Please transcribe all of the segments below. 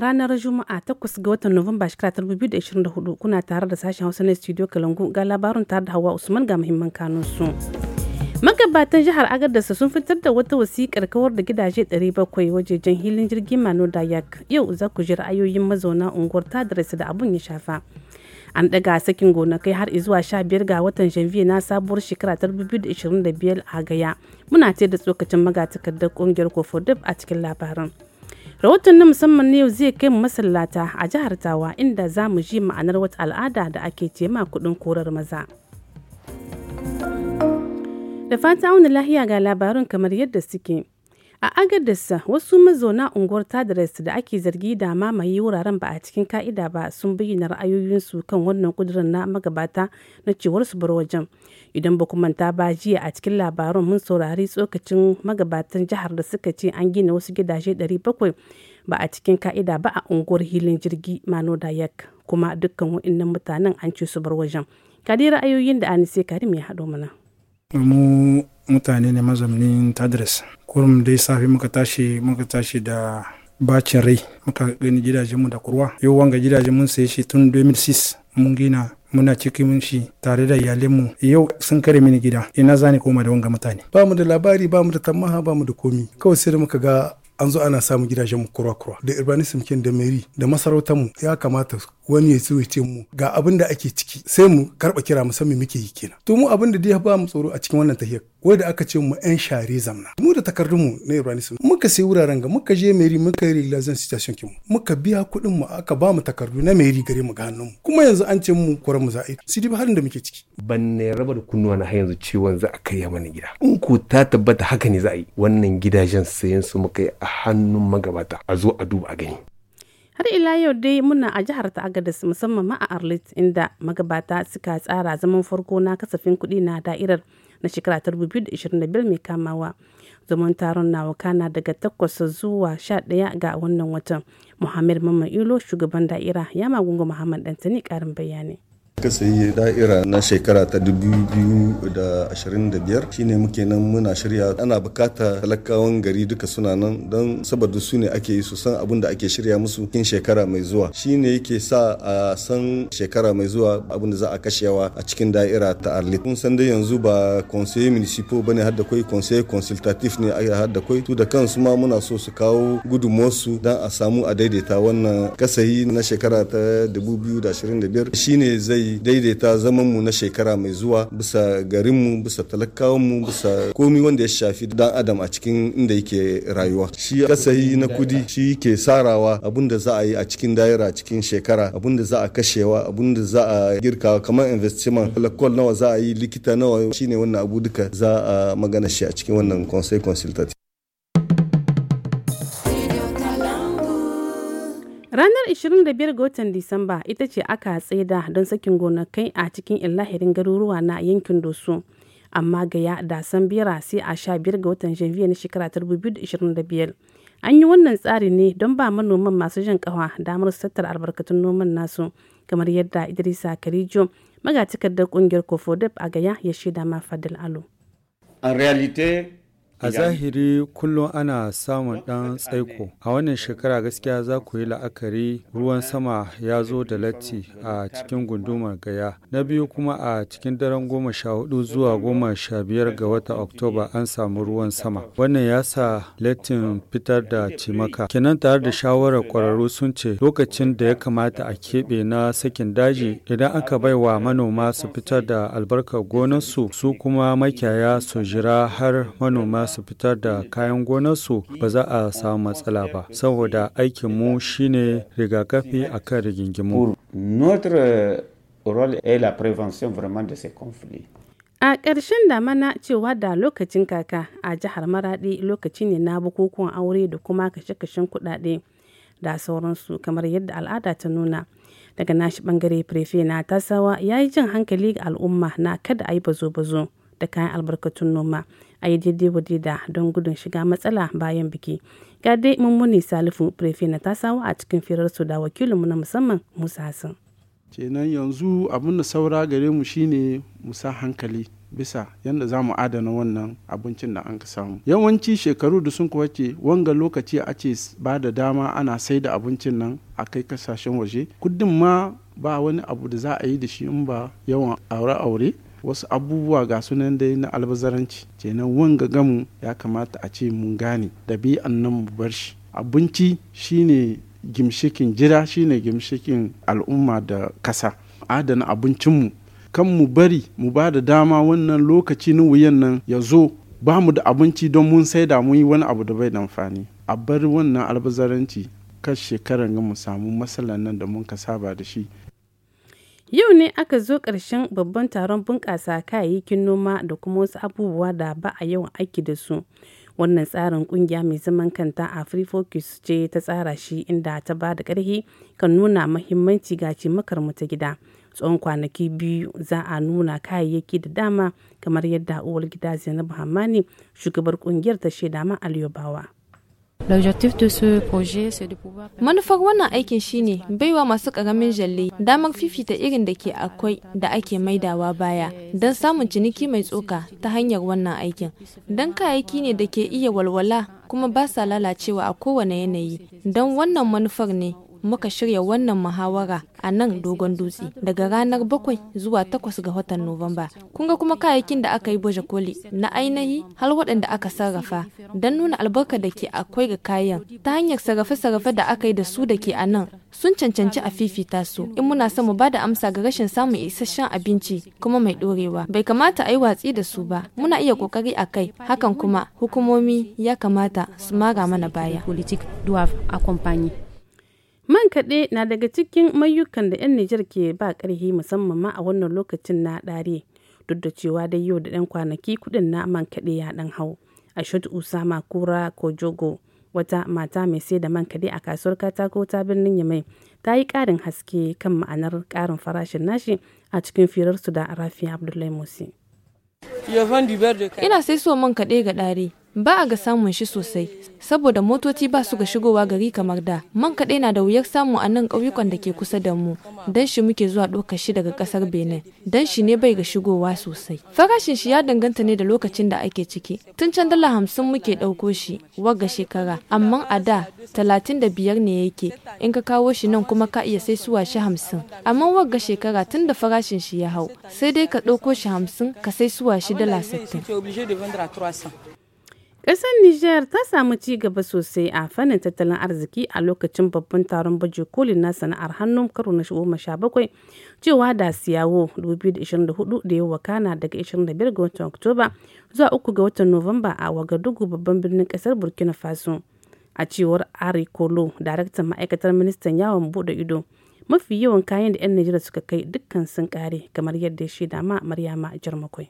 ranar Juma'a 8 ga watan Nuwamba shekara 2024 kuna tare da sashen Hausa na Studio Kalangu ga labarin tare da Hawa Usman ga muhimman kanun Magabatan jihar Agadarsa sun fitar da wata wasiƙar kawar da gidaje 700 wajejen hilin jirgin Mano Dayak. Yau za ku ji ra'ayoyin mazauna unguwar ta da abun ya shafa. An daga sakin gonakai har sha 15 ga watan Janvier na sabuwar shekara 2025 a Gaya. Muna ce da tsokacin magatakardar ƙungiyar Kofodib a cikin labarin. rahoton na musamman yau zai kai mu masallata a jihar tawa inda za mu ji ma'anar wata al'ada da ake ce ma kudin korar maza da fata auna lahiya ga labarun kamar yadda suke a agadis wasu mazauna unguwar tadres da ake zargi da mamaye wuraren ba a cikin ka'ida ba sun bayyana ra'ayoyinsu kan wannan kudirin na magabata na cewar su bar wajen idan ba manta ba jiya a cikin labarun mun saurari tsokacin magabatan jihar da suka ce an gina wasu gidaje 700 ba a cikin ka'ida ba a unguwar hilin jirgi mano dayak kuma dukkan wa'annan mutanen an ce su bar wajen kadi ra'ayoyin da anise karim ya haɗo mana mu mutane ne mazaunin tadres kurum dai safe muka tashi muka tashi da bacin rai muka gani gidajenmu da kurwa yau wanga gidajen mun saye shi tun 2006 mun gina muna cikin shi tare da iyalinmu yau sun kare mini gida ina zani koma da wanga mutane ba mu da labari ba mu da tamaha ba mu da komi kawai sai da muka ga an zo ana samun gidajen mu kurwa kurwa da urbanism kin da meri da masarautar mu ya kamata wani ya ya ce mu ga abin da ake ciki sai mu karba kira mu san muke yi kenan to mu abin da ya ba mu tsoro a cikin wannan tahiyar wai da aka ce mu yan share zamna mu da takardun mu na urbanism muka sai wuraren ga muka je meri muka yi lazan situation kin muka biya kuɗin mu aka ba mu takardu na meri gare mu ga hannun mu kuma yanzu an ce mu kuran mu za'i su ba halin da muke ciki ban ne raba da kunnuwa na har yanzu ciwon za a kai mana gida in ko ta tabbata haka ne za a yi wannan gidajen sayan su muka yi a hannun magabata a zo a duba a gani har ila yau dai muna a jihar ta agadis musamman ma a arlit inda magabata suka tsara zaman farko na kasafin kuɗi na da'irar na shekara ta 2025 mai kamawa zaman taron na wakana daga 8 zuwa sha 11 ga wannan watan muhammad mamman ilo shugaban da'ira ya magungu muhammad dantani karin bayani ka sayi da'ira na shekara ta 2025 ne muke nan muna shirya ana bukata talakawan gari duka suna nan don saboda su ne ake yi su san abin da ake shirya musu kin shekara mai zuwa Shi ne yake sa a san shekara mai zuwa abin da za a kashe kashewa a cikin da'ira ta arlit kun san dai yanzu ba conseil municipal bane hadda kai conseil consultatif ne a hadda kai su da kansu ma muna so su kawo gudunmuwarsu Dan a samu a daidaita wannan kasayi na shekara ta 2025 ne zai i daidaita zaman mu na shekara mai zuwa bisa garin mu bisa talakawan mu bisa komi wanda ya shafi dan adam a cikin inda yake rayuwa shi kasahi na kudi shi ke sarawa abinda za a yi a cikin daira cikin shekara abinda za a kashewa abinda za a girka kamar investment lakol nawa za a yi likita nawa shine wannan abu duka za a magana shi a cikin wannan conseil consultative Ranar 25 ga watan Disamba ita ce aka tsaida don sakin gonakai a cikin illahirin garuruwa na yankin Doso. Amma gaya da san bira sai a sha biyar ga watan Janvier na shekara 2025. An yi wannan tsari ne don ba manoman masu jan kawa damar tattara albarkatun noman nasu kamar yadda Idrisa Karijo da kungiyar Kofodep a gaya ya shaida ma Fadil Alo. A realite A zahiri kullum ana samun ɗan tsaiko. A wannan shekara gaskiya za ku yi la'akari ruwan sama ya zo da latti a cikin gundumar gaya. Na biyu kuma a cikin daren goma sha hudu zuwa goma sha biyar ga wata Oktoba an samu ruwan sama. Wannan ya sa lattin fitar da cimaka. Kenan tare da shawarar kwararru sun ce lokacin da ya kamata a keɓe na sakin daji idan aka bai wa manoma su fitar da albarkar gonarsu su kuma makiyaya su jira har manoma su fitar da kayan gonarsu ba za a samu matsala ba saboda aikin aikinmu shine rigakafi a kan rigingimu. A ƙarshen damana cewa da lokacin kaka a jihar Maraɗi lokaci ne na bukukuwan aure da kuma kashe-kashen kuɗaɗe da sauransu kamar yadda al'ada ta nuna. Daga nashi bangare prefe na tasawa ya yi jin hankali ga al'umma na kada a yi bazo-bazo da kayan albarkatun noma. a yi daidai wadida don gudun shiga matsala bayan biki ga dai mummuni salifu prefe na tasawa a cikin firarsu da wakilinmu na musamman musa hassan kenan yanzu abin da saura gare mu shine musa hankali bisa yadda za mu adana wannan abincin da an ka samu yawanci shekaru da sun kuwace wanga lokaci a ce ba da dama ana sai da abincin nan a kai kasashen waje kudin ma ba wani abu da za a yi da shi in ba yawan aure-aure wasu abubuwa ga sunan dai na albazaranci kenan wanga gamu ya kamata a ce mun gane an nan mu bar shi abinci shine gimshikin jira shine gimshikin al'umma da kasa adana abincinmu kan mu bari mu ba da dama wannan lokaci na wuyan nan ya zo ba mu da abinci don mun sai da mun yi wani abu da bai da amfani a bar wannan albazaranci kan shekarar mu samu matsalar nan da mun ka saba da shi Yau ne aka zo ƙarshen babban taron bunƙasa kayayyakin noma da kuma wasu abubuwa da ba a yawan aiki da su. Wannan tsarin ƙungiya mai zaman kanta a Free Focus ce ta tsara shi inda ta ba da ƙarfi kan nuna mahimmanci ga cimakar mu ta gida. Tsawon kwanaki biyu za a nuna kayayyaki da dama kamar yadda uwar gida Zainabu Hamani shugabar ƙungiyar ta shaida ma Aliyu Bawa. Manufar wannan aikin shine baiwa masu ƙaramin jalle damar fifita irin da ke akwai da ake maidawa baya don samun ciniki mai tsoka ta hanyar wannan aikin. Don kayayyaki ne da ke iya walwala kuma ba sa lalacewa a kowane yanayi don wannan manufar ne muka shirya wannan muhawara a nan dogon dutse daga ranar bakwai zuwa takwas ga watan Nuwamba. Kun ga kuma kayayyakin da aka yi baje koli na ainihi har waɗanda aka sarrafa don nuna albarka da ke akwai ga kayan ta hanyar sarrafe-sarrafe da aka yi da su da ke a nan sun cancanci a fifita su in muna son mu ba da amsa ga rashin samun isasshen abinci kuma mai ɗorewa. Bai kamata a yi watsi da su ba muna iya ƙoƙari a kai hakan kuma hukumomi ya kamata su mara mana baya. a Man kaɗe na daga cikin mayukan da 'yan Nijar ke ba ƙarfi musamman ma a wannan lokacin na ɗare, duk da cewa dai yau da ɗan kwanaki kuɗin na man kaɗe ya ɗan hau. Ashatu Usama Kura Kojogo, wata mata mai sai da man kaɗe a kasuwar katako ta birnin Yamai, ta yi ƙarin haske kan ma'anar ƙarin farashin nashi a cikin firarsu da Rafi Abdullahi Musi. Ina sai so man kaɗe ga ɗare. ba a ga samun shi sosai saboda motoci ba su ga shigowa gari kamar da man kaɗai na da wuyar samu a nan ƙauyukan da ke kusa da mu dan shi muke zuwa ɗaukar shi daga ƙasar benin dan shi ne bai ga shigowa sosai farashin shi ya danganta ne da lokacin da ake ciki tun can dala hamsin muke ɗauko shi wagga shekara amma a da talatin da biyar ne yake in ka kawo shi nan kuma ka iya sai suwa shi hamsin amma wagga shekara tun da farashin shi ya hau sai dai ka ɗauko shi hamsin ka sai suwa shi dala sittin Ƙasar Nijar ta samu ci gaba sosai a fannin tattalin arziki a lokacin babban taron baje kolin na sana'ar hannu karo na goma sha bakwai cewa da siyawo 2024 da ya kana daga 25 ga watan Oktoba zuwa 3 ga watan Nuwamba a Wagadugu babban birnin ƙasar Burkina Faso. A cewar Ari Kolo, daraktan ma'aikatar ministan yawon buɗe ido, mafi yawan kayan da 'yan Najeriya suka kai dukkan sun kare kamar yadda ya shaida ma Maryama Jarmakwai.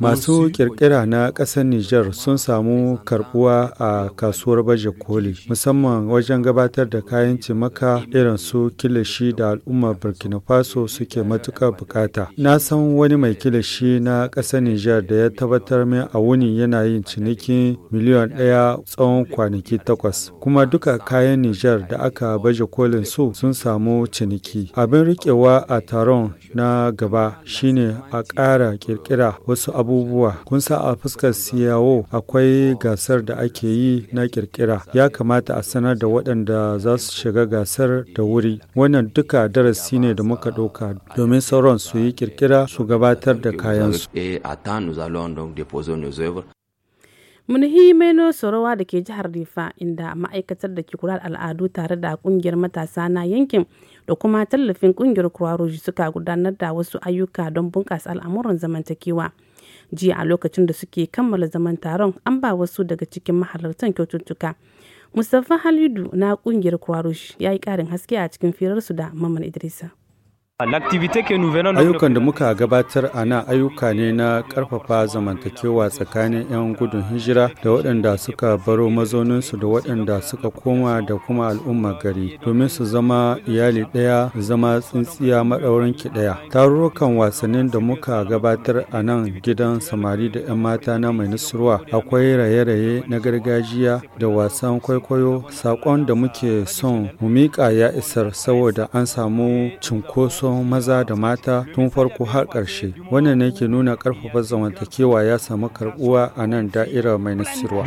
Masu kirkira na ƙasar Nijar sun samu karbuwa a kasuwar baje koli, musamman wajen gabatar da kayan cimaka irin su kilishi da al'ummar Burkina Faso suke matuƙar bukata. Na san wani mai kilishi na ƙasar Nijar da ya tabbatar min a wuni yana yin ciniki miliyan ɗaya tsawon kwanaki takwas. Kuma duka kayan Nijar da aka baje kolin su sun samu ciniki. Abin riƙewa a taron na gaba shine a ƙara fara kirkira wasu abubuwa kun sa a fuskar siyawo e akwai gasar da ake yi na kirkira ya kamata a sanar da waɗanda za su shiga gasar da wuri wannan duka darasi ne da muka ɗauka domin sauran su yi kirkira su gabatar da kayansu munhi meno sorowa da ke jihar rifa inda ma'aikatar da ke kula al'adu tare da kungiyar matasa na yankin da kuma tallafin kungiyar kwaroji suka gudanar da wasu ayyuka don bunƙasa al'amuran zamantakewa. Jiya a lokacin da suke kammala zaman taron an ba wasu daga cikin mahalartan kyaututtuka. Mustapha Halidu na kungiyar kwaroji ya yi ƙarin haske a cikin firarsu da Maman Idrisa. Ayyukan da muka gabatar a nan ayyuka ne na karfafa zamantakewa tsakanin 'yan gudun hijira da waɗanda suka baro mazauninsu da waɗanda suka koma da kuma al'umma gari domin su zama iyali ɗaya zama tsintsiya maɗaurin ki ɗaya. Tarurrukan wasannin da muka gabatar a nan gidan samari da 'yan mata na mai nusurwa akwai raye-raye na gargajiya da wasan kwaikwayo saƙon da muke son mu miƙa ya isar saboda an samu cinkoso tsohon maza da mata tun farko har ƙarshe wannan ne ke nuna ƙarfafa zamantakewa ya samu karbuwa a nan da'irar mai nasirwa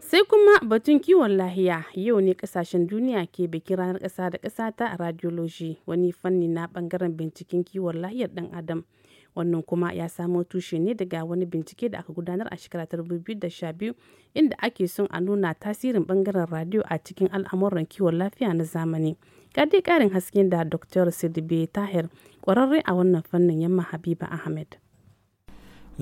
sai kuma batun kiwon lahiya yau ne kasashen duniya ke bikin ranar ƙasa da ƙasa ta radiology wani fanni na ɓangaren binciken kiwon lahiyar ɗan adam wannan kuma ya samo tushe ne daga wani bincike da aka gudanar a shekara ta 2012 inda ake son a nuna tasirin bangaren radio a cikin al'amuran kiwon lafiya na zamani ga dai karin hasken da dr sidibe tahir kwararre a wannan fannin yamma habiba ahmed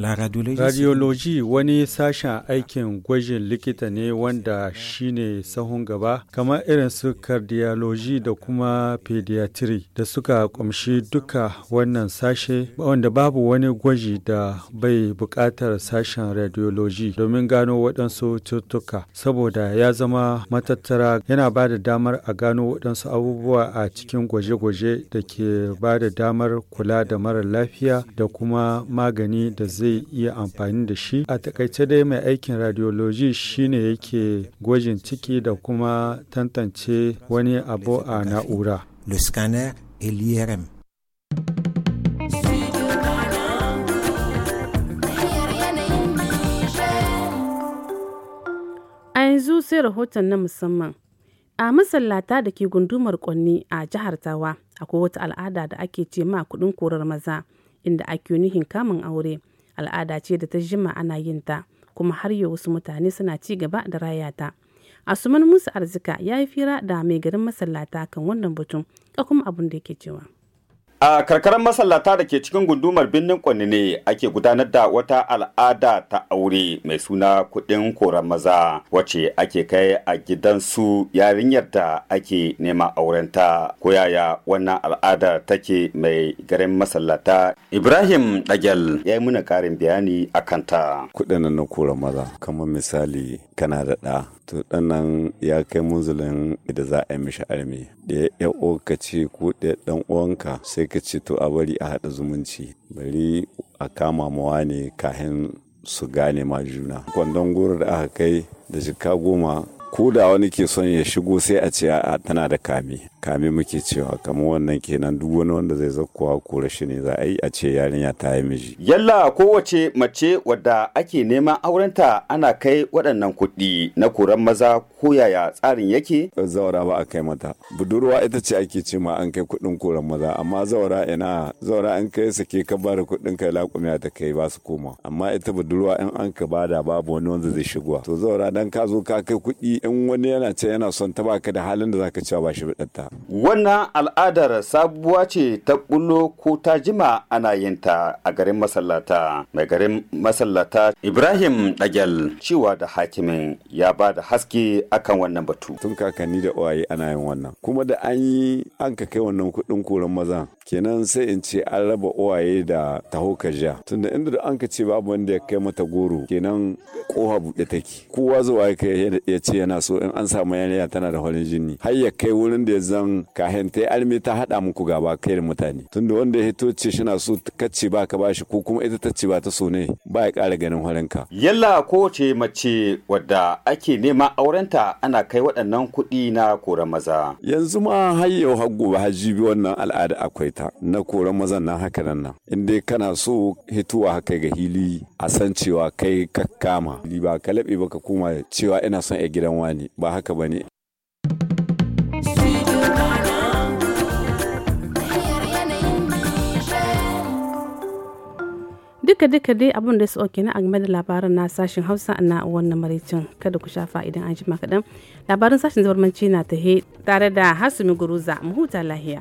radioloji wani sashen aikin gwajin likita ne wanda shine sahun gaba kamar irin su cardiology da kuma pediatry da suka kumshi duka wannan sashe wanda babu wani gwaji da bai bukatar sashen radiology domin gano waɗansu cututtuka saboda ya zama matattara yana ba da damar a gano waɗansu abubuwa a cikin gwaje-gwaje da ke ba da damar kula da mara lafiya da kuma magani da zai zai iya amfani da shi a takaice dai mai aikin radiology shine yake gwajin ciki da kuma tantance wani abu a na'ura a yanzu sai rahoton na musamman a masallata da ke gundumar kwanni a jihar tawa akwai wata al'ada da ake ce ma kudin korar maza inda ake nihin kamun aure al'ada ce da ta jima ana yin ta kuma har yau wasu mutane suna ci gaba da raya ta asuman musa arzika ya yi fira da mai garin masallata kan wannan batun ka kuma abin da yake cewa a karkarar masallata da ke cikin gundumar birnin kwanne ne ake gudanar da wata al'ada ta aure mai suna kuɗin koran maza wacce ake kai a gidansu yarinyar da ake nema aurenta ko yaya wannan al'ada take mai garin masallata ibrahim dagel ya yi muna karin bayani a kanta kudin na koran maza kamar misali kana da ɗa to ɗannan ya kai munzulin da za a yi mishi armi da ya ka ce ko da ɗan uwanka sai ka ce to a bari a haɗa zumunci bari a kama mawa ne kahin su gane ma juna kwandon goro da aka kai da jika goma ko da wani ke son ya shigo sai a ce a tana da kami kami muke cewa kamar wannan kenan duk wani wanda zai zakkowa ko rashi ne za a yi a ce yarinya ta yi miji yalla kowace mace wadda ake neman aurenta ana kai waɗannan kuɗi na kuran maza ko yaya tsarin yake zawara ba a kai mata budurwa ita ce ake ce ma an kai kuɗin koran maza amma zaura ina zaura an kai sake ka bada kuɗin kai laƙumiya ta kai ba su koma amma ita budurwa in an ka bada babu wani wanda zai shigowa to zaura dan ka zo ka kai kuɗi in wani yana ce yana son ta baka da halin da zaka cewa ba shi bidatta wannan al'adar sabuwa ce ta bullo ko ta jima ana yin ta a garin masallata mai garin masallata Ibrahim Dagel cewa da hakimin ya ba da haske akan wannan batu tun kakanni da uwaye ana yin wannan kuma da an yi an ka kai wannan kuɗin koran mazan. kenan sai in ce an raba uwaye da taho kaja tunda inda da an ka ce babu wanda ya kai mata goro kenan koha buɗe take kowa zuwa ya ce yana so in an samu yanayi tana da farin jini har ya kai wurin da ya zan kahin ta almi ta haɗa muku gaba kai da mutane tunda wanda ya hito ce shi na so kacce ba ka bashi ko kuma ita ta ce ba ta so ne ba ya ƙara ganin ka. yalla kowace mace wadda ake nema aurenta ana kai waɗannan kuɗi na kora maza. yanzu ma har yau har gobe har jibi wannan al'ada akwai ta na koran mazan nan haka nan nan in dai kana so hituwa haka ga hili a san cewa kai ka kama ba ka laɓe ba ka koma cewa ina son ya gidan wani ba haka ba ne duka duka dai abun da su oke na a game da labarin na sashen hausa na wannan maricin kada ku shafa idan an jima kaɗan labarin sashen zubarmanci na ta tahe tare da hasumi guruza mu huta lahiya.